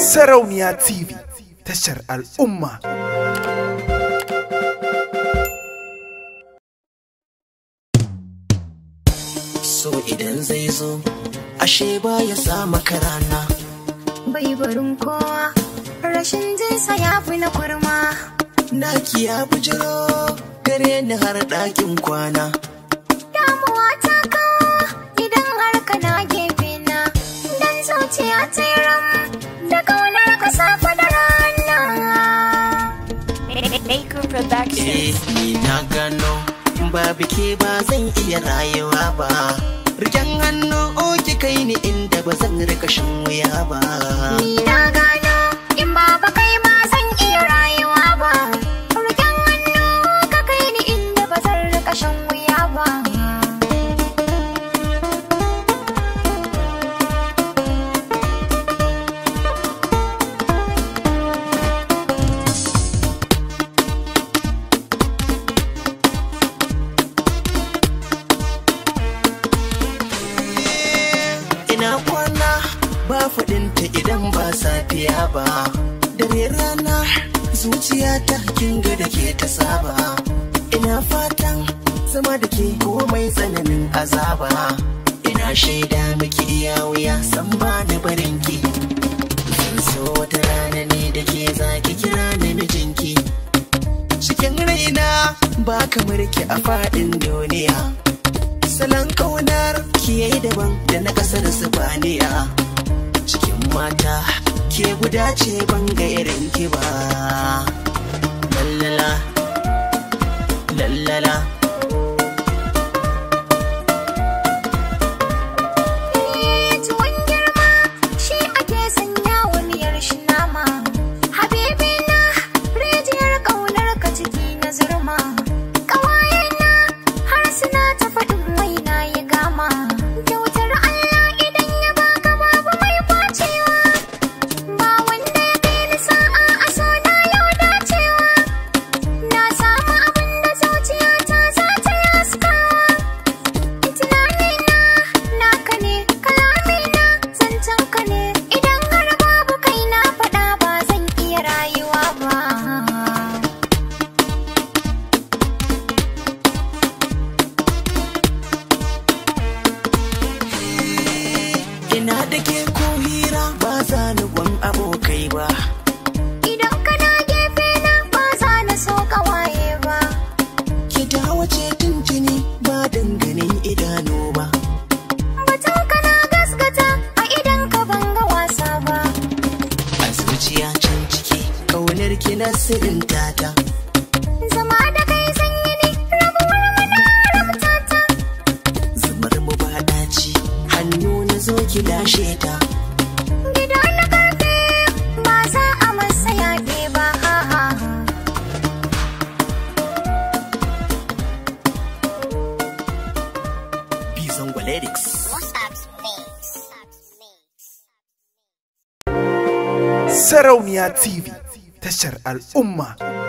Sarauniya TV tashar al'umma. So idan zai zo, ashe ba ya sa karana Bai barin kowa, rashin jinsa ya fi na kurma. Naki ya bujiro, gare ni har ɗakin kwana. Damuwa ta kawo, idan har kana gefe na, zuciya ta yi Maker Productions. Eh, na gano ba biki ba zan iya rayuwa ba. Riken hannu oke oh, kai ni inda ba zan rika shan wuya ba. na gano ina kwana ba faɗinta idan ba safiya ba Da dare rana zuciya ta kinga da ke ta saba ina fatan zama da ke komai tsananin azaba ina shaida miki iya wuya san ba na barinki so wata rana ne da ke zaki kira na mijinki cikin raina ba kamar ki a faɗin duniya salon kaunar ki yayi daban da na kasar Sifaniya cikin mata ke guda ce ban ga irin ki ba ke ko hira ba za ni gwan abokai ba idan kana gefe na ba za ni so kawaye ba ki dawo ce tuntuni ba danganin idanu ba batun kana gaskata a idan ka ga wasa ba a zuciya can ciki kaunar ki na sirin tata zama zo ki lashe ta gida na karfe ba za a masa yaɗe ba a'a bizon gwalerics Sarauniya TV, tashar al'umma.